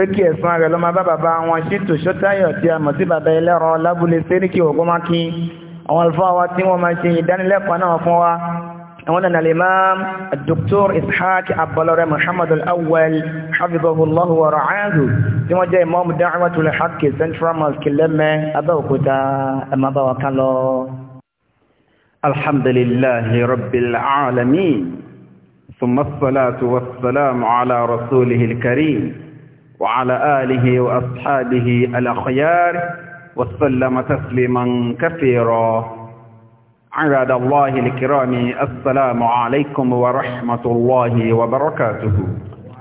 pé kí ẹ̀sùn rẹ̀ ló máa bá bàbá wọn ṣètò ṣótáyọ̀ tí a mọ̀ sí bàbá ẹlẹ́rọ lábúlé séríkì ògbómákí àwọn alfáà wa tí wọ́n máa ṣe ìdánilẹ́kọ̀ọ́ náà fún wa àwọn náà ثم imam dr ishaq abbalore muhammad al-awwal hafizahullahu wa ra'ahu tí wọ́n jẹ́ imam da'watul haqq central mosque lẹ́mẹ́ abẹ́òkúta ẹ̀mà bá وعلى آله وأصحابه الأخيار وسلم تسليما كثيرا عباد الله الكرام السلام عليكم ورحمة الله وبركاته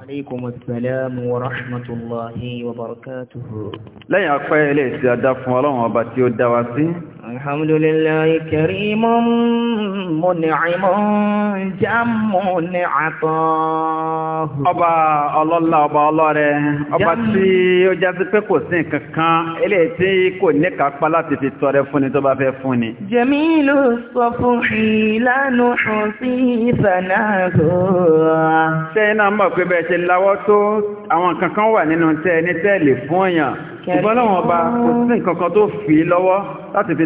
عليكم السلام ورحمة الله وبركاته لا يقفى إليه سيادة فوالله وباتيو الدواسي الحمد لله كريم منعم جم عطاه ọba ọlọ́lá ọba ọlọ́rẹ ọba tí ó jásí pé kò sí nǹkan kan eléyìí tí kò ní kápá láti fi tọrẹ fúnni tó bá fẹ́ fúnni. jamilu sọfúnhì lánà sí ìfànàhó. ṣé iná mọ̀ pé bẹ́ẹ̀ ṣe láwọ́ tó àwọn kankan wà nínú tẹ́ ẹni tẹ́ẹ̀lì fún èèyàn ṣùgbọ́n láwọn ọba kò sí nǹkan kan tó fi lọ́wọ́ láti fi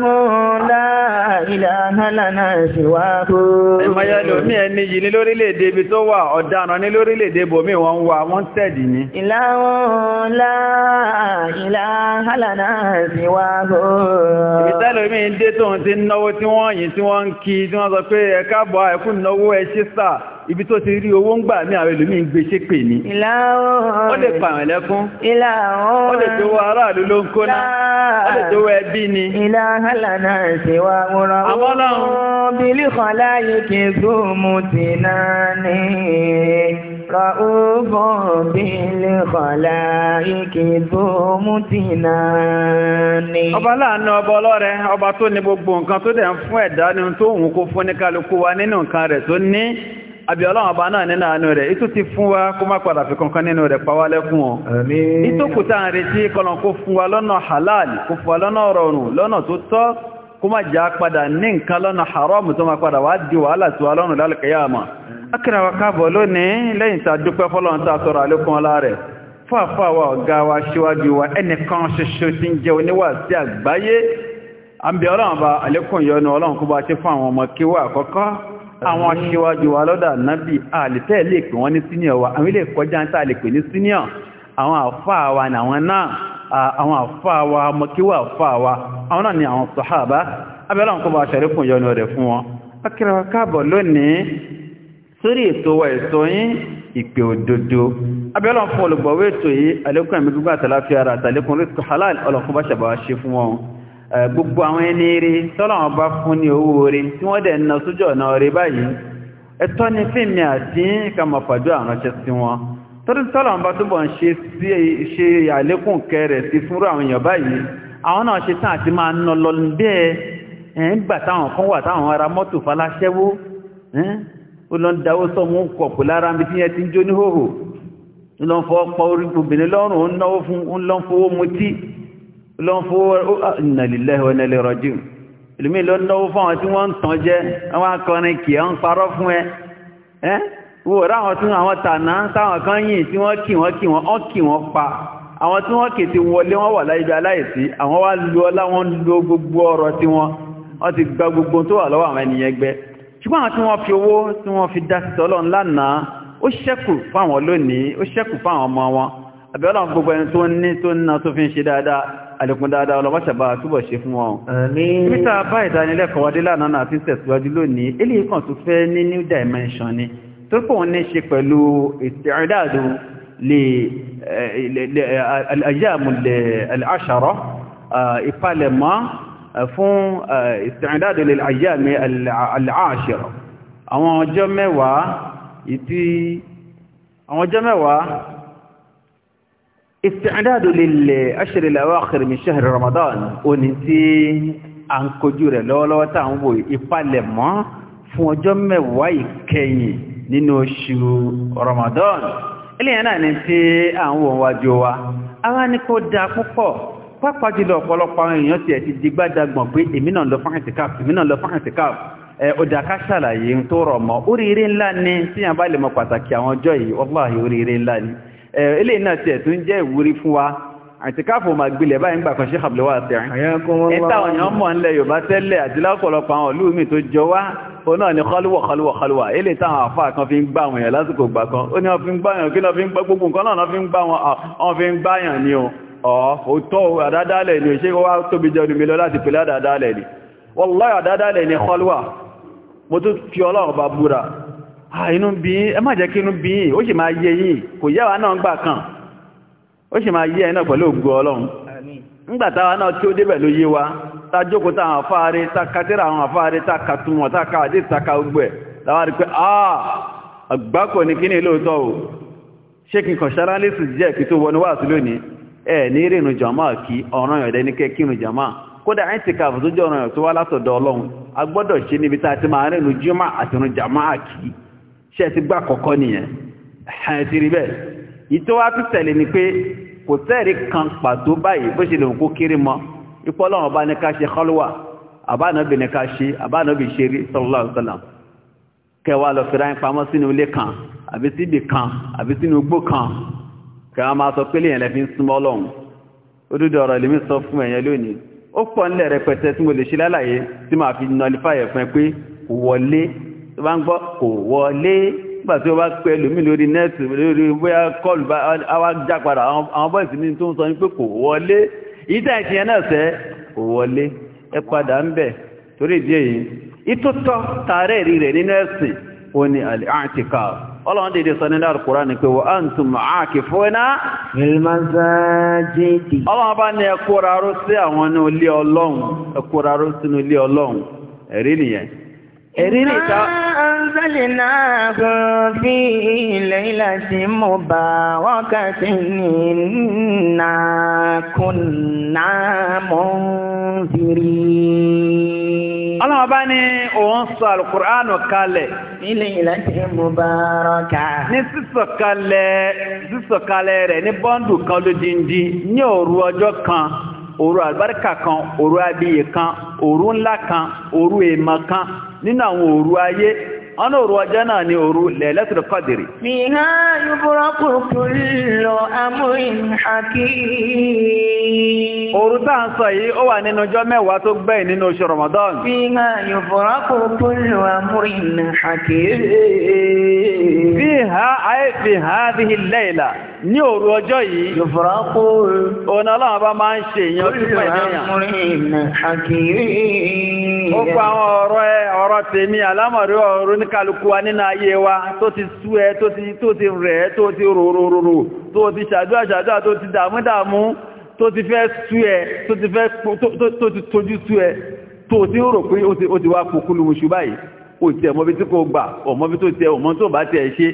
lahu la ilaha lana siwahu. ìmọ̀yá lómi ẹni yìí ní lórílẹ̀-èdè ibi tó wà ọ̀daràn ní lórílẹ̀-èdè bòmí wọn wà wọ́n tẹ̀dì ní. ìlàhù la ilaha lana siwahu. ìbítẹ́lómi ń dé tóun ti náwó tí wọ́n yìí tí wọ́n ń kí tí wọ́n sọ pé ẹ ibi tó ti rí owó ń gbà ní àwọn ìlúmí ń gbé ṣe pè ní ó lè pàwọn lẹ́kún ó lè tó wọ aráàlú ló ń kó náà ó lè tó wọ ẹbí ni ìlàhálànà ìṣèwà múra wọ́n bílí kan láyé kí góòmù ọba láàánú ọba ọlọ́rẹ ọba tó ní gbogbo nǹkan tó dẹ̀ fún ẹ̀dá ni tó òun kó fún ní kálukú wa nínú nǹkan rẹ̀ tó ní àbí ọlọ́run ọba náà nínú àánú rẹ̀ ìtú ti fún wa kó má padà fi kankan nínú rẹ̀ pa wá lẹ́kún ọ ìtòkù tá à ń retí kọlọ̀n kó fún wa lọ́nà halal kó fún wa lọ́nà rọrùn lọ́nà tó tọ́ kó má já padà ní nǹkan lọ́nà haram tó má padà wá di wàhálà tí wa lọ́rùn lálùkẹ́yàmà akẹ́rẹ́wà káàbọ̀ lónìí lẹ́yìn tá dúpẹ́ fọ́lọ́run tá sọ̀rọ̀ àlékún ọlá rẹ̀ fáfá wa ọ̀gá wa síwájú wa ẹnìkan ṣoṣo tí ń jẹ́ oníwà sí àgbáyé àbí àwọn aṣíwájú wa lọ́dà náàbì àlìtẹ́ lè pè wọ́n ní senior wa àwọn ilé kọjá ń tàà lè pè ní senior àwọn àfáà ni àwọn náà àwọn àfáà wa mọ́kíwà àfáà wa àwọn náà ni àwọn sọ̀hábá abẹ́lá ń kọ́ bá ṣẹ̀rífún yọnu rẹ̀ fún wọn akẹ́rẹ́wà káàbọ̀ lónìí Eh, gbogbo àwọn ẹni rí tọ́lọ̀wọ́n bá fún ní owó orí tí wọ́n dẹ̀ na sójú ọ̀nà orí báyìí ẹ̀tọ́ ni fíìmì àti ìkàmọ̀fàjú àránṣẹ́ sí wọn torí tọ́lọ̀wọ́n bá túbọ̀ ń ṣe àlékún kẹrẹ sí fúnrú àwọn èèyàn báyìí àwọn náà ṣe tán àti máa ná lọ bẹ́ẹ̀ ẹ̀ ń gbà táwọn kan wà táwọn ará mọ́tò faláṣẹ́wó ó lọ ń ló ń fowó ah, inna lillahi wa inna ilayhi raji'un ìlúmí ló ń náwó fún àwọn tí wọ́n ń tàn jẹ́ àwọn akọrin kì í ń parọ́ fún ẹ ẹ́ wò ráwọn tí àwọn tànà táwọn kan yìn tí wọ́n kì wọ́n kì wọ́n ọ́ kì wọ́n pa àwọn tí wọ́n kètè wọlé wọ́n wà láyé aláìsí àwọn wá lo ọlá wọn lo gbogbo ọrọ̀ tí wọ́n wọ́n ti gba gbogbo tó wà lọ́wọ́ àwọn ènìyàn gbẹ ṣùgbọ́n àwọn tí wọ́n fi owó tí wọ́n fi dá sí tọ́lọ́ lánàá ó ṣẹ́kù fáwọn lónìí ó ṣẹ́kù fáwọn ọmọ wọn àbí Ọlọ́run gbogbo ẹni tó ní tó ń ná tó fi ń ṣe dáadáa àlékún dáadáa ọlọ́mọ́ṣà bá túbọ̀ ṣe fún wọn. níta bá ìdánilẹ́kọ̀ọ́ wọlé lánàá náà ti ń tẹ̀síwájú lónìí eléyìí kan tó fẹ́ ní new dimension ni tó pọ̀ ń ní ṣe pẹ̀lú ìtẹ̀rẹ́dàdù lè àyàmùlẹ̀ استعداد للأشهر الأواخر من شهر رمضان ونتي à ń kojú rẹ̀ lọ́wọ́lọ́wọ́ tá à ń wò ìpalẹ̀mọ́ fún ọjọ́ mẹ́wàá ìkẹyìn nínú oṣù Ramadan eléyàn náà ní tí à ń wò wájú wa ara ní kó dáa púpọ̀ pàápàá jùlọ ọ̀pọ̀lọpọ̀ àwọn èèyàn tiẹ̀ ti digbádàgbọ̀n pé èmi náà lọ fún àtìkáf èmi lọ fún àtìkáf ẹ ṣàlàyé tó rọ̀ mọ́ oríire ńlá ni tíyàn bá lè mọ pàtàkì àwọn ọjọ́ yìí wallahi oríire ńlá ni eléyìí náà tiẹ̀ tó ń jẹ́ ìwúrí fún wa àti káfò máa gbilẹ̀ báyìí ń gbà kan Sheikh Abdul Wasiu ẹ̀ta ọ̀yàn mọ̀ ńlẹ̀ Yorùbá tẹ́lẹ̀ àti lápọ̀lọpọ̀ àwọn ìlú mi tó jọ wá ó náà ni kọlùwọ̀ kọlùwọ̀ kọlùwọ̀ ilé táwọn àfáà kan fi ń gbà wọn yẹn lásìkò gbà kan ó ní wọ́n fi ń gbà yàn kí lọ fi ń gbà gbogbo nǹkan náà fi ń gbà wọn ah, fi ń gbà yàn ni o ọ̀tọ̀ àdádálẹ̀ ni ò ṣe wá tóbi jẹ́ onímọ̀ lọ láti pèlè àdádálẹ̀ ni wallahi àdádálẹ̀ ni kọlùwà mo tún fi Ọlọ́run bá búra Ah, inú bí ẹ má jẹ́ kí inú bí ó sì máa yi, yìí kò yẹ́wàá náà gbà kan ó si máa ye ẹ̀nà pẹ̀lú ògùn ọlọ́run ńgbàtàwà náà tí ó débẹ̀ ló yé wa ta jókòó táwọn afáàrí ta kátẹ́rà àwọn afáàrí ta kàtúmọ̀ ta káàdé ta ká gbẹ̀ láwá rí pé àà ah, àgbákò ní kíní o ṣé kí jẹ́ kí tó wọnú lónìí ẹ ní rìnrìn kí ọ̀ràn kódà ẹ̀ ti ọ̀ràn wá látọ̀dọ̀ ọlọ́run ṣe ti gbá kọ̀kọ́ nìyẹn ẹ̀hàn ti rí bẹ́ẹ̀ tẹ̀lé ni pé kò tẹ́ẹ̀rí kan pàtó báyìí bó ṣe lè kó kéré mọ́ ìpọ́lọ́wọ́ bá ní ká ṣe kọlùwà àbánàbì ní ká ṣe àbánàbì sallallahu alaihi wasallam kẹwàá lọ fìráyìn pamọ́ sínú ilé kan àbí síbì kan àbí sínú igbó kan kẹwàá máa sọ pélé yẹn lẹ́fí ń súnmọ́ Ọlọ́run ó dúdú ọ̀rọ̀ lèmi sọ fún ẹ̀yẹn lónìí ó pọ̀ tí mo lè ṣe lálàyé tí màá fi nọlifáyẹ̀ fún ẹ pé wọlé tó bá gbọ́ kò wọlé nígbà tí ó bá pẹ́ lómi lórí nẹ́ẹ̀tì lórí bóyá kọlù bá wá já padà àwọn bọ́ọ̀sì ní tó ń sọ kò wọlé ìdá ìtìyẹn náà sẹ́ kò wọlé ẹ padà ń bẹ̀ torí ìdí èyí rẹ̀ nínú ẹ̀sìn ó ní àtìkà ọlọ́run sọ nínú àrùkúrá ní pé ọlọ́run bá ní sí àwọn ilé ọlọ́run sínú ilé Èrírì tọ́. أنزلناه في ليلة مباركة إنا كنا منذرين. Ọlọ́run tí ní òun sọ Alukùránù kalẹ̀. Ní ليلة مباركة. Ní sísọ̀kalẹ̀ sísọ̀kalẹ̀ rẹ̀ ní bọ́ndù kan lódindi ní òru ọjọ́ kan. òru àlùbáríkà kan òru abiyè kan òru ńlá kan òru èèmọ̀ kan nínú àwọn òru ayé ọ́nà òru ọjọ́ náà ni òru lẹ́lẹ́tùrù kọ́dìrì. Fìhá yúbúrọ́kù kullu amrin hakim. Òru táà ń sọ yìí, ó wà nínú ọjọ́ mẹ́wàá tó gbẹ̀yìn nínú oṣù Ramadan. Fìhá yúbúrọ́kù kullu amrin hakim. Fìhá ayé fìhá bíhi layla ní òru ọjọ́ yìí yòfòrá kó ọ̀nà aláwọ̀ bá máa ń ṣe èèyàn tó pẹ̀ lẹ́yìn ó pa àwọn ọ̀rọ̀ ẹ ọ̀rọ̀ tèmi alámọ̀rí ọ̀rọ̀ ní kálukú wa nínú ayé wa tó ti sú ẹ tó ti rẹ̀ ẹ tó ti rorororo tó ti ṣàdúrà ṣàdúrà tó ti dààmú dààmú tó ti fẹ́ sú ẹ tó ti fẹ́ ti tójú sú ẹ tó ti ń rò pé ó ti wá kúkúlù mùsùlùmí báyìí ó ti ẹ̀ mọ́bí tí kò gbà ọ̀mọ́bí tó ti ẹ̀ ọ̀mọ́ tó bá ti ẹ̀ ṣe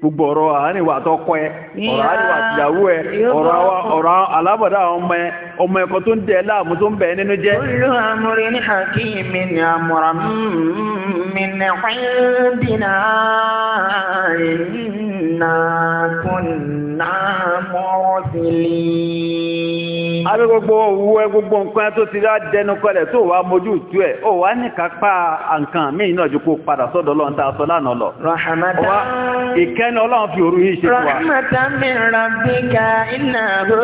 gbogbo ọ̀rọ̀ àárín-ìwà tọkọ ẹ ọ̀rọ̀ àárín-ìwà tìyàwó ẹ ọ̀rọ̀ alábọ̀dá ọmọ ẹ ọmọ ẹ̀kọ́ tó ń dẹ̀ láàmú tó ń bẹ̀ nínú jẹ́. olú amúre ní hakimi ni àmúra mi ní pẹ́ẹ́bìnà ìnà kùnà mọ́ọ́sílì abẹ́ gbogbo owó ẹ gbogbo nǹkan tó ti rá dẹnu kọlẹ̀ tó wà mójú tú ẹ̀ ó wà ní kápá nǹkan míì náà ju kó padà sọ́dọ̀ ọlọ́run tá a sọ lánàá lọ. ọwá ìkẹ́ni ọlọ́run fi òru yìí ṣe fún wa. rahmatan min rabbika innahu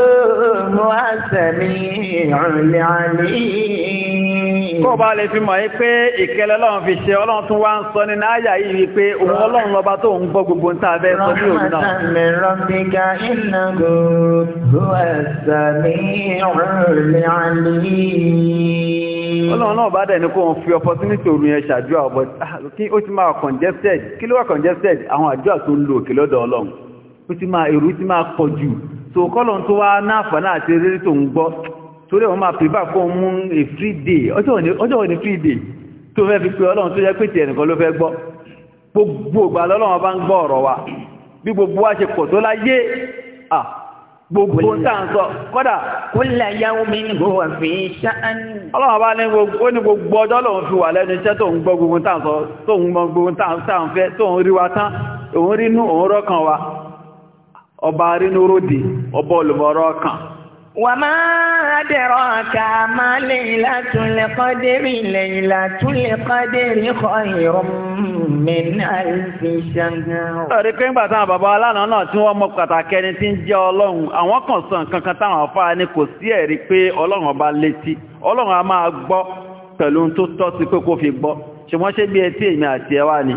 huwa sami'ul 'alim. kó bá lè fi mọ̀ yí pé ìkẹ́lẹ́ ọlọ́run fi ṣe ọlọ́run tún wá ń sọ ní náyà yìí wí pé òun ọlọ́run lọ́ba tó ń gbọ́ gbogbo ń tà bẹ́ẹ̀ sọ ní òun náà. rahmatan min rabbika innahu huwa sami'ul 'alim. Ọlọ́run náà bá dẹ̀ ní kó wọn fi opportunity orun yẹn ṣàdúrà ọ̀bọ̀ ah, kí ó ti máa congested kí ló wà congested àwọn àdúrà tó ń lo òkè lọ́dọ̀ ọlọ́run ó ti máa èrú ti máa pọ̀ jù tó kọ́lọ̀n tó wá náàfà náà ti rí tó ń gbọ́ torí wọ́n máa pèbà kó mú a free day free day tó fẹ́ fi pé ọlọ́run tó yẹ pé ti ẹnìkan ló fẹ́ gbọ́ gbogbo ìgbà lọ́lọ́run bá ń gbọ́ ọ̀rọ̀ wa bí gbogbo wa ṣe gbogbo ń tàn sọ kọ́dà kulla yawmin huwa fi sha'an ọlọ́wọ́ bá ní gbogbo ọjọ́ lòun fi wà lẹ́nu iṣẹ́ tó ń gbọ́ gbogbo tàn sọ tó ń mọ gbogbo tàn fẹ́ tó ń rí wa tán òun rínú òun rọ́kàn wa ọba rínú róde ọba olùmọ̀rọ̀ kan وما أدراك ما ليلة القدر ليلة القدر خير من ألف شهر ọ̀rí pé ńgbà táwọn bàbá aláàánú náà tí wọ́n mọ pàtàkì tí ń jẹ́ ọlọ́run àwọn kan kankan táwọn afárá ni kò sí ẹ̀rí pé ọlọ́run ọba létí ọlọ́run a máa gbọ́ pẹ̀lú tó tọ́ sí pé kó fi gbọ́ ṣùgbọ́n ṣé bí etí èmi àti ẹ ni.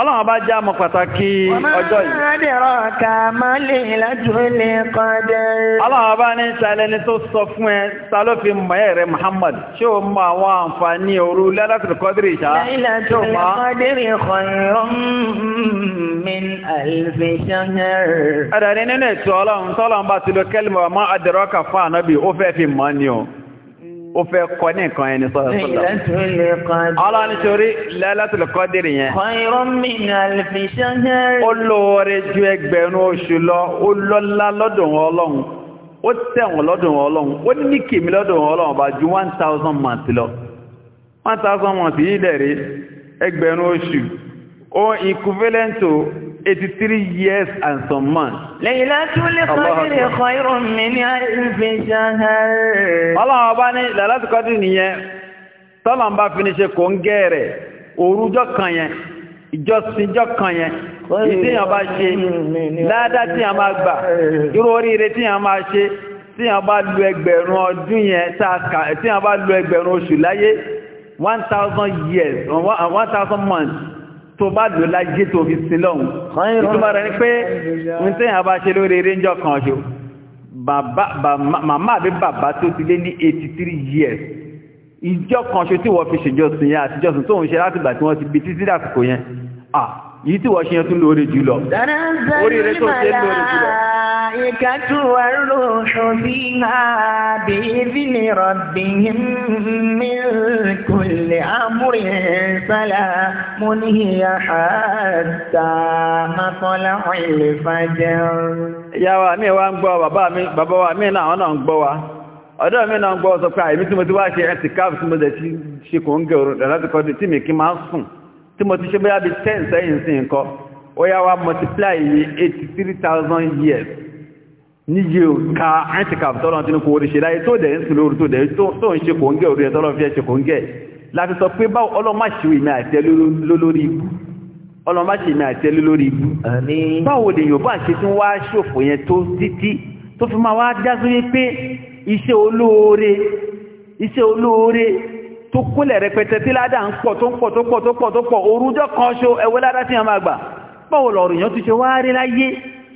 ọlọ́run bá já mọ̀ pàtàkì ọjọ́ yìí. ọmọ rẹ̀rọ ká máa lè lájúwé lè kọ́dẹ̀. ọlọ́run bá ní ṣàlẹ̀ ni tó sọ fún ẹ ta ló rẹ̀ Muhammad ṣé o mọ àwọn àǹfààní òru lẹ́lẹ́tìrì kọ́dìrì ṣá. lẹ́lẹ́tìrì kọ́dìrì khayrun min alfi shahr. ẹ̀rẹ̀ nínú ètò ọlọ́run tọ́lọ́run bá ti lo kẹ́lìmọ̀ àmọ́ àdìrọ́kà ó fẹ́ kọ ní nǹkan ẹni sọ́dọ̀ sọ́dọ̀. ọlọ́ni torí Lailatul Qadr yẹn. khairum min alfi shahr. ó lóore ju ẹgbẹ̀rún oṣù lọ ó lọ́lá lọ́dọ̀ wọn ọlọ́run ó tẹ̀wọ̀n lọ́dọ̀ wọn ọlọ́run ó ní kìmí ba wọn ju one thousand month lọ. one thousand month yìí lẹ̀ rí O oṣù ó equivalent to 83 years and some months. Laylatul Qadr khayrun min alfi shahr. Ọlọ́run ọba ní Laylatul Qadr nìyẹn, tọ́lọ̀n bá fi ní ṣe kò ń gẹ́ẹ̀rẹ̀, òrújọ́ kan yẹn, ìjọsìnjọ́ kan yẹn, ìdíyàn bá ṣe, ládá tí a máa gbà, irú oríire tí a máa ṣe, tí a bá lu ẹgbẹ̀rún ọdún yẹn, tí a bá lu ẹgbẹ̀rún oṣù láyé, 1,000 years, 1,000 months tó bá lò lájé tó fi sin lọ́hun ìtumọ̀ rẹ̀ ní pé ń tẹ́yìn àbá ṣe lórí eréńjọ́ kan ṣo màmá àbí bàbá tó ti lé ní 83 years ìjọ́ kan ṣo tí wọ́n fi ṣèjọsìn yẹn àtijọ́sìn tó ń ṣe látìgbà tí wọ́n ti bí títí dàsìkò yẹn yìí tí wọ́n ṣe yẹn tún lóore jùlọ orí rẹ̀ tó ṣe lóore jùlọ الملائكة والروح فيها بإذن ربهم من كل أمر سلام هي حتى مطلع الفجر wa mi ń gbọ́ tí mo ti wá ṣe ẹ̀tì káàfì tí mo dẹ̀ ti ṣe kò ń gẹ̀rọ láti kọ́ tí mi kí máa sùn tí mo ti ṣe bóyá bí 10 sẹ́yìn sí nǹkan ó yá wa multiply 83,000 years níye ka antikaf tọ́lọ̀ tí ní kò orí ṣe láyé tó dẹ̀ ń sùn lórí tó dẹ̀ tó ń ṣe kò ń gẹ́ orí ẹ̀ tọ́lọ̀ fi ẹ̀ ṣe kò ń gẹ́ láti sọ pé bá ọlọ́máṣe ìmẹ́ àtẹ́ lórí ibú ọlọ́máṣe ìmẹ́ àtẹ́ lórí ibú báwo lè yóò bá ṣe tí wá ṣòfò yẹn tó títí tó fi máa wá dájú wípé iṣẹ́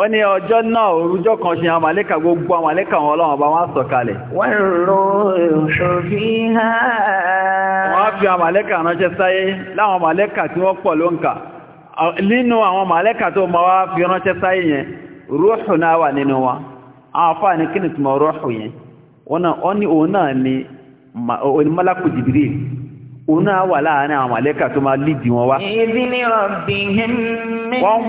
ó ní ọjọ́ náà orújọ́ kan ṣe àwọn àlékà gbogbo àwọn àlékà wọn ọlọ́wọ̀n bá wọ́n sọ̀kalẹ̀ wọ́n fi àwọn àlékà láwọn tí wọ́n pọ̀ ló ń ka nínú àwọn òun náà wà láàárín àwọn àlẹ́kà tó máa lídì wọn wá. wọ́n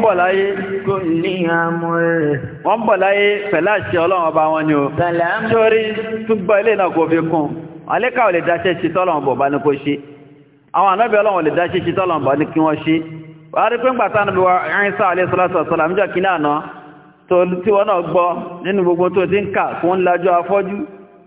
bọ̀ láyé. kò àṣẹ ọlọ́run ọba wọn ni o. sàlámù. sórí túbọ̀ ilé náà kò fi kún. àlẹ́kà ò lè dáṣẹ́ ṣe tọ́lọ́run bọ̀ bá ní kó ṣe. àwọn ànábì ọlọ́run ò lè dáṣẹ́ ṣe tọ́lọ́run bọ̀ ní kí wọ́n ṣe. wàá rí pé ń gbàtà níbi wa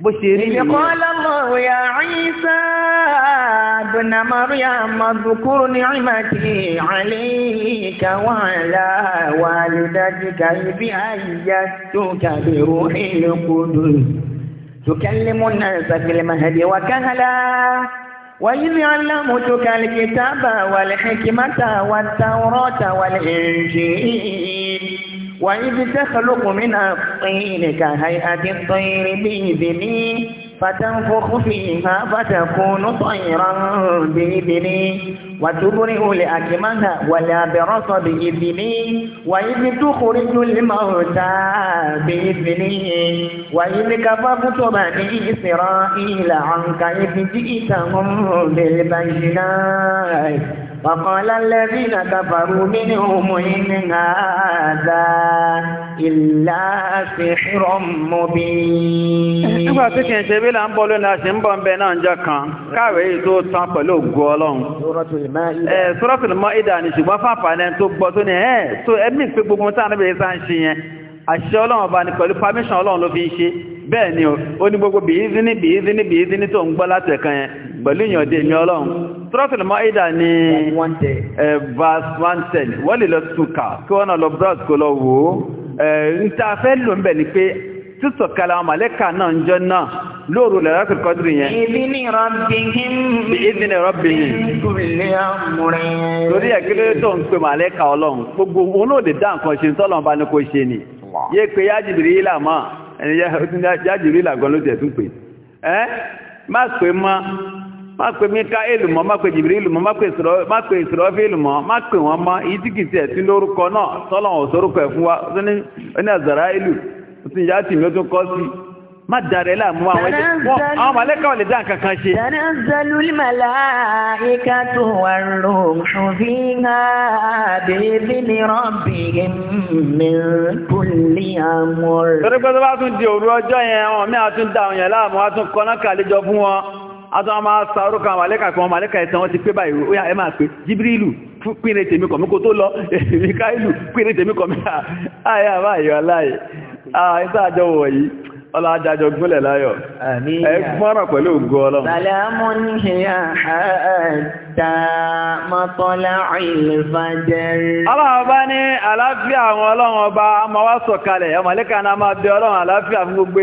بشيرين قال الله يا عيسى ابن مريم اذكر نعمتي عليك وعلى والدتك اذ ايدتك بروح القدس تكلم الناس في المهد وكهلا وإذ علمتك الكتاب والحكمة والتوراة والإنجيل وإذ تخلق من الطين كهيئة الطير بإذني فتنفخ فيها فتكون طيرا بإذني وتبرئ لأكمه والأبرص بإذني وإذ تخرج الموتى بإذني وإذ كففت بني إسرائيل عنك إذ جئتهم بالبينات وقال الذين كفروا منهم إن هذا إلا سحر مبين. nígbà tí kì ṣe bí là ń bọ́ lónìí a ṣe ń bọ̀ ń bẹ náà ń jẹ́ kan káwé yìí tó tán pẹ̀lú ògùn ọlọ́run. Suratul Maida ni ṣùgbọ́n fàǹfààní tó gbọ́ tó ní ẹ̀ tó ẹ̀mí pé gbogbo táwọn ẹ̀mí yìí sá ń ṣe yẹn àṣìṣe ọlọ́run ọba ni pẹ̀lú pàmíṣàn ọlọ́run ló fi ń ṣe bẹ́ẹ̀ ni ó ní gbogbo bìízíní bìízíní bìízíní tó ń gbọ́ látẹ̀kan yẹn pẹ̀lú ìyànjẹ́ ìmí ọlọ́run Suratul Maida ní verse 110 wọ́n lè lọ túnkà kí wọ́n náà lọ brọ́d kó lọ wò ó ń ta fẹ́ lò ń bẹ̀ ni pé títọ̀ kalẹ̀ àwọn màlẹ́kà náà ń jọ náà lóòrù lẹ́rọ́kì kọ́dìrì yẹn. ìdíni rọ́bìhìn. ìdíni rọ́bìhìn. ìkúlẹ̀ ọmọrin. torí ẹ̀ kí ló tó ń pe màlẹ́kà ọlọ́run gbogbo òun náà lè dá nǹkan ṣe ń tọ́lọ̀ bá ní kò ṣe ni. yé pé yájìbìrì yìí là máa. ẹni jáde rí làgán ló tẹ̀ tún pè ẹ́ má pè mọ́ má pè Míkáélù mọ́ má pè Jìbìrìlù mọ́ má pè Ísírọ́fílù mọ́ má pè wọ́n mọ́ èyí tí kìí tẹ̀ sí lórúkọ náà tọ́lọ̀ má dàrẹ láàmú àwọn ẹgbẹ́ wọn àwọn màlẹ́kà ò lè dá nǹkan kan ṣe. dàrẹ́ ń zẹlú màlá ìka tó wà ló ṣòfì ha bèbí ni rọ́bì mi kò lè àmọ́ rẹ̀. torí pé tó bá tún di òru ọjọ́ yẹn wọn mi àtún dá àwọn yẹn láàmú wọn tún kọ́ná fún wọn àtún àwọn máa sa orúkọ àwọn màlẹ́kà kan màlẹ́kà ẹ̀sán wọn ti pé báyìí ó yà ẹ máa pè Jibrilu pínrin tèmi kọ̀ mí kó tó lọ èmi káìlù pínrin tèmi kọ̀ mí àyà báyìí aláì àìsàn àjọwọ̀ yìí ọlájájọ gúnlẹ̀ láyọ̀ ẹgbọ́nràn pẹ̀lú ògo ọlọ́run sàlámù ní ṣíyà àtà mọ́tọ́lá ìlúfàjẹ́rì aláwọ̀bá ní àlàáfíà àwọn ọlọ́run ọba ma wá sọ̀kalẹ̀ ọmọlẹ́kànnà máa bẹ ọlọ́run àlàáfíà fún gbogbo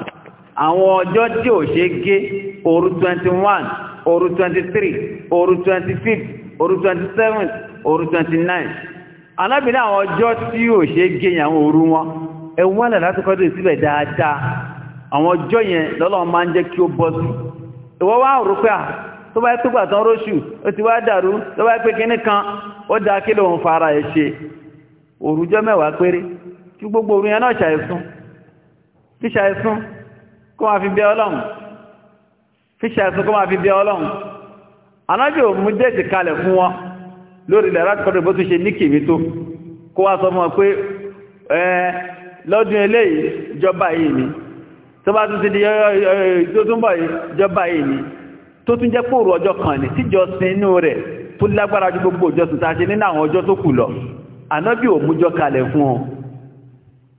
àwọn ọjọ́ tí ò ṣe gé òru 21 òru 23 òru 25 òru 27 òru 29 alábìnrin àwọn ọjọ́ tí ò ṣe gé àwọn òru wọn ẹwọ́n lẹ̀ láti kọ́dù síbẹ̀ dáadáa àwọn ọjọ́ yẹn lọ́lọ́ máa ń jẹ́ kí ó bọ́ sí ìwọ́ wá rò pé à tó bá tó gbà tán róṣù ó ti wá dàrú tó bá pé kíní kan ó da kí lóun fara ẹ̀ ṣe òrùjọ́ mẹ́wàá péré tí gbogbo òru yẹn náà ṣàìsùn tí ṣàìsùn kó máa fi bẹ ọlọ́run fi ṣàìsàn kó máa fi bẹ ọlọ́run anábì ò mú déètì kalẹ̀ fún wọn lórí ilẹ̀ láti kọ́dọ̀ bó tún ṣe ní kìmí tó kó wá sọ fún wọn pé ẹ lọ́dún eléyìí jọba yìí ni tó bá tún ti di tó tún bọ̀ jọba yìí ni tó tún jẹ́ pòrò ọjọ́ kan ní tíjọsìn inú rẹ̀ tó lágbára ju gbogbo ìjọsìn tá a ṣe nínú àwọn ọjọ́ tó kù lọ anábì ò mújọ kalẹ̀ fún wọn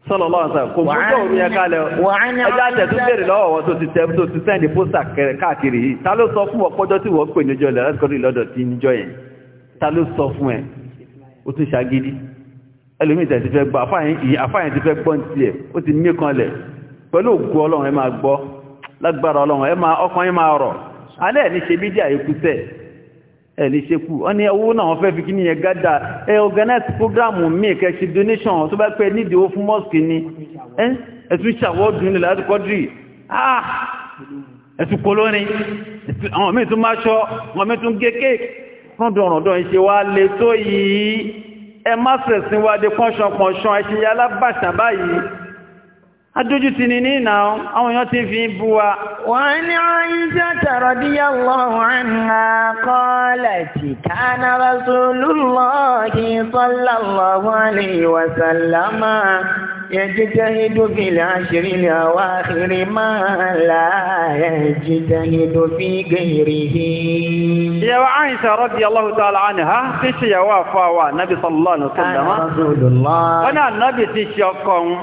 sọ́lọ́lọ́ ọ̀sán kò gbogbo òru yẹn kalẹ̀ ẹjá tẹ̀ tún bèèrè lọ́wọ́ wọn tó ti tẹ́ tó ti sẹ́ndì pósà káàkiri yìí ta ló sọ fún ọpọ́jọ́ tí wọ́n pè níjọ́ ilẹ̀ lásìkọ́rí lọ́dọ̀ tí níjọ́ yẹn ta ló sọ fún ẹ ó tún ṣagídí ẹlòmíì tẹ̀ ti fẹ́ gbọ́ àfáàyàn ti fẹ́ gbọ́n tiẹ̀ ó ti mí kanlẹ̀ pẹ̀lú ògùn ọlọ́run ẹ máa gbọ́ lágbára ọlọ́run ẹ máa ọkàn yín máa ẹ̀lì ṣekú wọ́n ní owó náà wọ́n fẹ́ fi kí ní ẹgádà ẹ organize program míì kẹ́ṣì donation tó bá pẹ́ nídìí owó fún mosque ni ẹ̀sùn ṣàwọ́dún nílẹ̀ láti kọ́dìrì ẹ̀sùn kolórin àwọn míì tún máa ṣọ́ àwọn míì tún gẹ́kẹ́ rọ́dọ̀rọ̀dọ̀ ìṣe wá lè tó yìí ẹ má sẹ̀sìn wá dé pọ́nṣanpọ̀nṣan ẹ̀ṣin alábàṣà báyìí adójú ti ní ní ìnà àwọn èèyàn ti fi ń bú wa. wọ́n ní Aisha radiyallahu anha كان رسول الله صلى الله عليه وسلم يجتهد في العشر الأواخر ما لا يجتهد في غيره يا عائشة رضي الله تعالى عنها تشي وافا النبي صلى الله عليه وسلم رسول الله أنا النبي تشي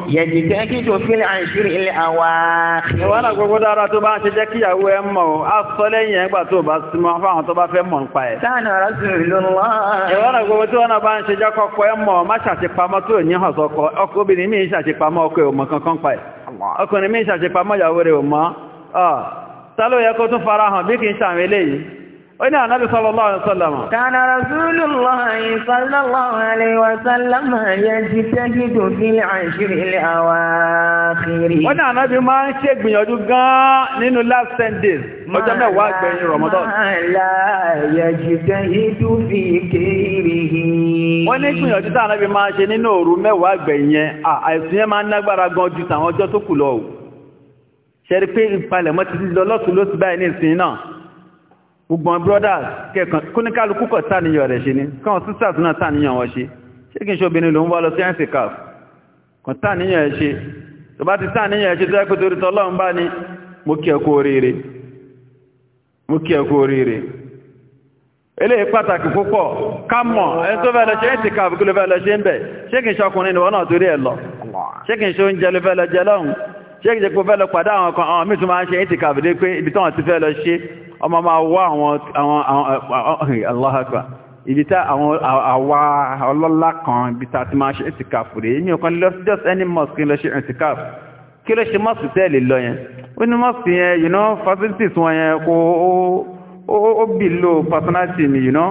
يجتهد في العشر الأواخر وأنا أقول دارا تبا تجكي أو أمو أصلين يبا تبا سمع فاهم تبا في أمو نقاية كان رسول الله وأنا أقول دارا بان تجكي أو ما شاتي فاما توني هزوكو أكو بني ميشا ṣàṣepamọ́ ọkọ ìwọ̀mọ̀ kankan pa ẹ̀ ọkùnrin mi ṣàṣepamọ́ ìyàwó rẹ̀ ìwọ̀mọ́ ah, tálóyẹ kó tún farahàn bí kì í ṣàwọn eléyìí Oni Ànábì sallallahu alaihi wasallam. Kana Rasulullahi sallallahu alaihi wasallam yajtahidu fil ashril awakhir. Oni Ànábì máa ń ṣe gbìyànjú gan-an nínú last ten days. Ọjọ́ mẹ́wàá gbẹ̀yìn Ramadan. La yajtahidu fi ghairihi. Wọ́n ní gbìyànjú tí Ànábì máa ń ṣe nínú òru mẹ́wàá gbẹ̀yìn yẹn. Àìsùn yẹn máa ń lágbára gan ju tàwọn ọjọ́ tó kù lọ. Ṣẹ́rí pé ìpalẹ̀mọ́ ti lọ lọ́tún lóṣù báyìí ní ìsìn náà gbogbo brothers kẹ́kàn kóníkálukú kọ̀ tàníyàn rẹ̀ ṣe ni káwọn sisters náà tàníyàn wọn ṣe ṣé kí n ṣe obìnrin ló ń wá lọ sí ẹ̀sìn caf kan tàníyàn ẹ̀ ṣe tó bá ti tàníyàn ẹ̀ ṣe tó yẹ kó torí tọ́lọ́run bá ní mo kí ẹ kú oríire mo kí ẹ kú oríire eléyìí pàtàkì púpọ̀ ká mọ̀ ẹni tó fẹ́ lọ ṣe ẹ̀sìn caf kí ló fẹ́ lọ ṣe ń bẹ̀ ṣé kì í ṣe ọkùnrin ni náà torí ẹ̀ lọ ṣé kì í ṣe oúnjẹ ló fẹ́ lọ jẹ lọ́hùn ṣé kì í ṣe pé fẹ́ lọ pàdé àwọn kan àwọn míì ṣe ẹ̀sìn dé pé ibi táwọn ti fẹ́ lọ ṣe ọmọ máa wá àwọn eh, aláhàkà ibi tá àwọn àwa ọlọ́lá kan ibi tá ti máa ṣe ìtìkáfù rẹ̀ èyí ọ̀kan lọ sí just any mosque lọ ṣe ìtìkáfù kí ló ṣe mosque tẹ́lẹ̀ lọ yẹn ó ní mosque yẹn you know facilities wọn yẹn kó ó bì lò personality mi you know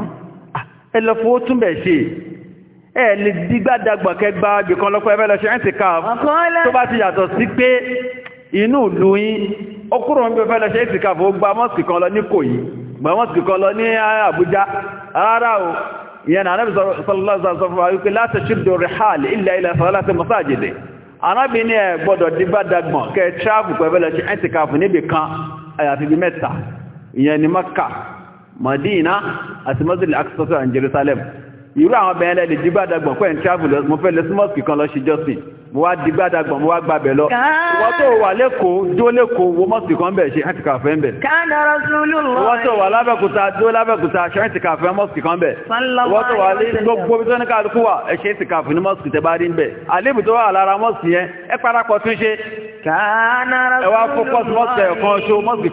ah, ẹ lọ fowó túnbẹ̀ ṣe ẹ lè dígbàdàgbà kẹgbà ibìkan lọ́pọ̀ ẹfẹ́ lọ ṣe ìtìkáfù tó bá ti yàtọ̀ sí ó kúrò ń bẹ́ fẹ́ lọ ṣe ìsìnkàfò gba mọ́sì kan lọ ní Ìkòyí gba mọ́sì kan lọ ní Àbújá rárá o ìyẹn náà anábì sọ́lọ́sọ́ fún wa wípé láti ṣídò rẹ̀ hàl ilẹ̀ ilẹ̀ sọ́lọ́ láti mọ́sáàjìdì anábì ní ẹ̀ gbọ́dọ̀ dígbà dagbọ̀n kẹ tíráàfù pẹ̀fẹ́lẹ̀ ṣe ìsìnkàfò níbi kan àyàfi bí mẹ́ta ìyẹn ni Makka Madina àti Masjid al-Aqsa Jerusalem irú àwọn bẹ̀rẹ̀ lè dígbà dagbọ̀n pẹ̀ tíráàfù mo fẹ́ lọ mo wá di gbádàgbọ̀n mo wá gbàbẹ̀ lọ wọ́n tó wà lẹ́kọ̀ọ́ dúó lẹ́kọ̀ọ́ wo mọ́sí kan bẹ̀ ṣe àti kàfẹ́ ń bẹ̀ wọ́n tó wà lábẹ́kúta dúó lábẹ́kúta ṣe àti kàfẹ́ mọ́sí kan bẹ̀ wọ́n tó wà gbogbo tó ní kálukú wà ẹ̀ṣẹ́ ti kàfẹ́ ní mọ́sí tẹ bá rí ń bẹ̀ àlébù tó wà lára mọ́sí yẹn ẹ parapọ̀ tún ṣe ẹwà fọ́kọ́sí mọ́sí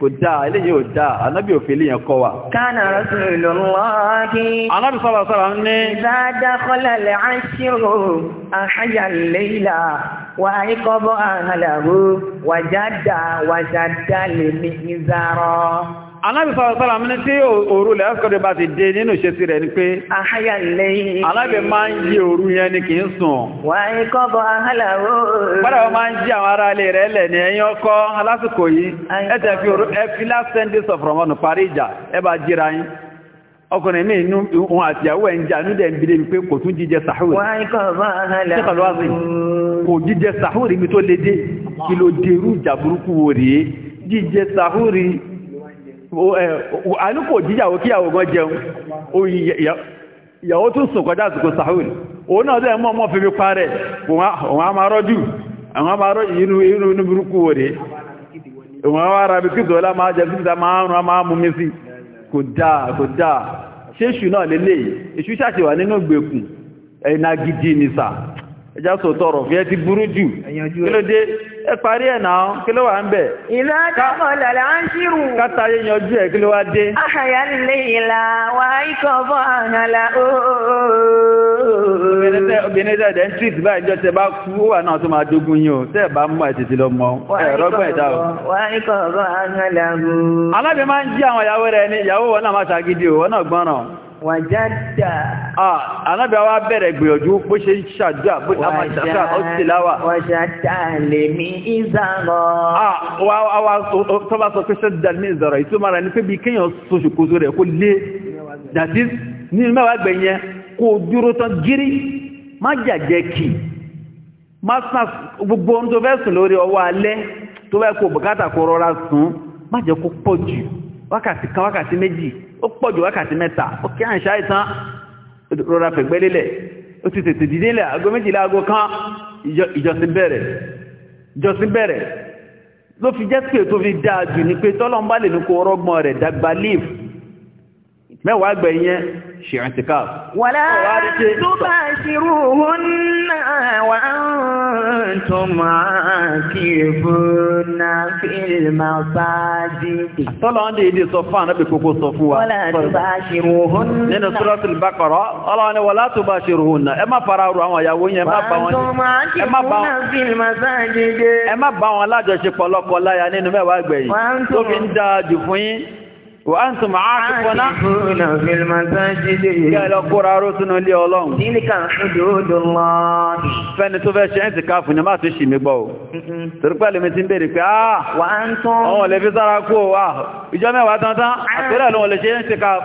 kò dáa eléyìí ò dáa anábì òfin lè yẹn kọ́ wa. kánà rasulullahi. anábì sọ̀rọ̀ sọ̀rọ̀ ní. idha dakhala al-ashru ahya al-layla wa ayqaba ahlahu wa jadda wa jadda lè ní ìzárọ̀ alábìsọ̀ ọ̀sọ́lá mi tí òru lẹ́ ẹ́sọ́dẹ̀ bá ti dé nínú ìṣesí rẹ̀ ni pé ahaya máa ń yí òru yẹn ni kì sùn wà ní kọ́bọ̀ ahálàwò padà ọkùnrin mi inú òun àti ìyàwó ẹ̀ ń jà ní kò tún jíjẹ sàhúrì kò jíjẹ sàhúrì mi tó lédè kí ló dérú ìjà wò rèé jíjẹ sàhúrì àánú kò jíyàwó kíyàwó gan jẹun ìyàwó tún sùn kọjá àsìkò sahul òun náà dẹ̀ mọ́ fi mi parẹ̀ òun a máa rọ́jú àwọn máa rọ́ inú inú burúkú òde òun a wá rabi máa jẹ síta máa a máa mú mi sí parí ẹ̀ náà kí ló wà ń bẹ̀. ìlà dákọ̀ lọ́la ń ṣírù. káta yé yanjú ẹ̀ kí ló wá dé. àyà nílé ìlà wà ikọ̀ bọ̀ ooo. obìnrin tẹ̀ dẹ̀ ń tírì bá kú wà náà tó máa dógún yín o tẹ́ ẹ̀ bá mú lọ mọ́ ẹ̀dá o. wà ikọ̀ bọ̀ ooo. máa ń jí àwọn ìyàwó wàjádà ànábì àwa bẹ̀rẹ̀ gbìyànjú bó ṣe ń ṣàdúrà bó ṣe máa ṣàdúrà ó sì láwà wàjádà lè mi ìzàrọ̀ àwa tó bá sọ pé ṣàdúrà ní ìzàrọ̀ ìtumọ̀ rẹ̀ ní pé bí kéèyàn soṣùkúso rẹ̀ kó lé dàtí ní mẹ́wàá gbẹ̀yẹn kó dúró tán gírí má jàjẹ́ kì ó pọ̀ jù wákàtí mẹ́ta ó kí à ń ṣá ìtàn rọra fẹ̀gbẹ́ lélẹ̀ ó ti tètè dìde lẹ̀ aago méjìlá aago kan ìjọsìn bẹ̀rẹ̀ ìjọsìn bẹ̀rẹ̀ ló fi jẹ́ pé tó fi dáa jù ní pé tọ́lọ́mbà lè ní kó rọ́gbọ́n rẹ̀ dàgbà mẹ́wàá gbẹ̀ yẹn ṣe àtìká wàlá tó bá ṣírú hún náà wà ń tó máa kí ìbò náà fílmà bá dìde tọ́lọ́ ń dìde sọ fún ànábì kókó sọ fún wa wàlá tó bá ṣírú hún náà nínú suratul ẹ má fara rọ àwọn ìyàwó yẹn má bá wọn ẹ má bá wọn lájọṣepọ̀ lọ́kọ láya nínú mẹ́wàá gbẹ̀yìn tó fi ń dáa jù fún yín وأنتم عاكفون في المساجد قال القرى رسل لي الله تلك حدود الله فأنت فاش أنت كافون ما تشي مبو ترقى لما تنبري في آه وأنتم أوه لفي سراكو آه إجامة واتنطا أترى لهم لشي أنت كاف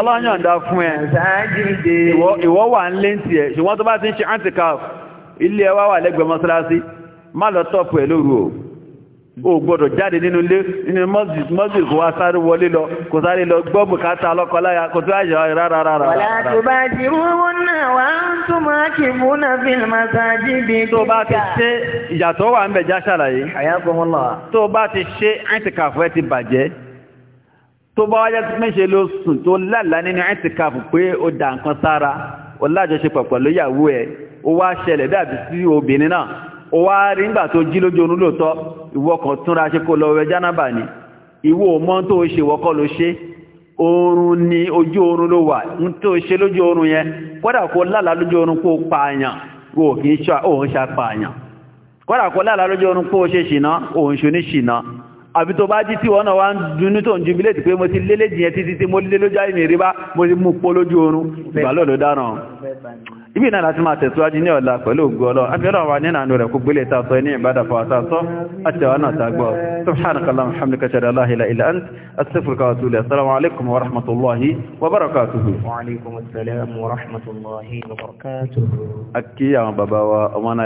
الله نعم دافون مساجد ìwọ́ wà ń lé ń tiẹ̀ ṣùgbọ́n tó bá ti ń ṣe antikaf ilé ẹwà wà lẹ́gbẹ̀ẹ́ mọ́sálásí má lọ tọ́pù ẹ̀ lóru o o gbọ́dọ̀ jáde nínú ilé nínú mọ́sílì mọ́sílì kò wá sáré wọlé lọ kò sáré lọ gbọ́ bùkátà lọ́kọláya kò tó àyà rárá rárá. wàlá tó bá ti rúrú náà wà á tún máa kì mú náà fi màsáàjì bí kíkà. tó bá ti ṣe ìyàtọ̀ wà ń bẹ̀ já ṣàlàyé. àyà kò mọ lọ. tó bá ti ṣe àìsíkàfù ẹ ti bàjẹ́ tó bá wájá méṣe ló sùn tó lálàá nínú àìsíkàfù pé ó dà nǹkan sára ọlájọṣepọ̀ pẹ̀lú ìyàwó ẹ̀ ó wá ṣẹlẹ̀ dàbí sí obìnrin náà o wá rí ńgbà tó jí lójú oorun lóòótọ́ ìwọ kan túnra ṣe kó lọ wẹ jánábà ni ìwọ tó ṣe oorun ni ojú oorun ló wà ń tó ṣe lójú oorun yẹn kódà kó lálàá lójú oorun kó pààyàn kì í ṣàpààyàn kó lójú kó ṣe ṣe àbí tó bá jí tí wọ́n náà wá ń dunú tó ń ju pé mo ti lélé jìyẹn títí tí mo ibi náà láti máa tẹ̀síwájú ní ọ̀la pẹ̀lú ògbọ́lọ́ abẹ́lọ́ wa nínú rẹ̀ kú gbélé tààtọ ní ìbádàfà àtàtọ́ àti àwọn àtàgbọ́ la ilaha illa ant astaghfiruka wa atubu assalamu alaikum wa rahmatullahi wa barakatuhu wa alaikum assalam wa rahmatullahi wa barakatuhu akki ya baba wa amana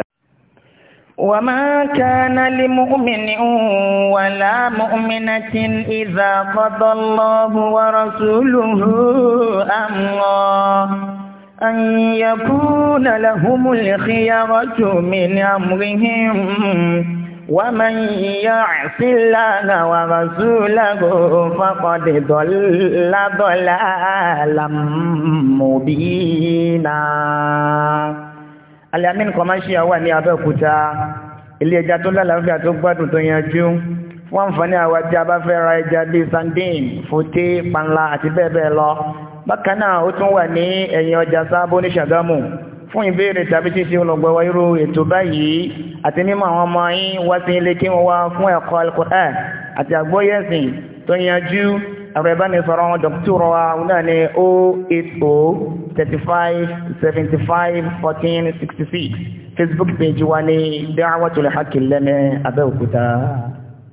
وما كان لمؤمن ولا مؤمنة إذا قضى الله ورسوله أمرا أن يكون لهم الخيرة من أمرهم ومن يعص الله ورسوله فقد ضل ضلالا مبينا Al-Amin Commercial wà ní Abẹ́òkúta ilé ẹja tó lálàáfíà tó gbádùn tó yanjú wọ́n ń fọ́ ní àwọn tí a bá fẹ́ ra ẹja bíi sandine fòté panla àti bẹ́ẹ̀ bẹ́ẹ̀ lọ bákan náà ó tún wà ní ẹ̀yìn ọjà sábó ní ṣàgámù fún ìbéèrè tàbí ṣíṣe olùgbọ̀wọ́ irú ètò báyìí àti mímọ̀ àwọn ọmọ yín wá sí ilé kí wọ́n wá fún ẹ̀kọ́ Al-Qur'an àti àgbóyẹ̀sìn tó yanjú ẹ̀rọ ìbánisọ̀rọ̀ wa ní 080 Facebook page wa ní Da'watul Haqq lẹ́nu Abẹ́òkúta.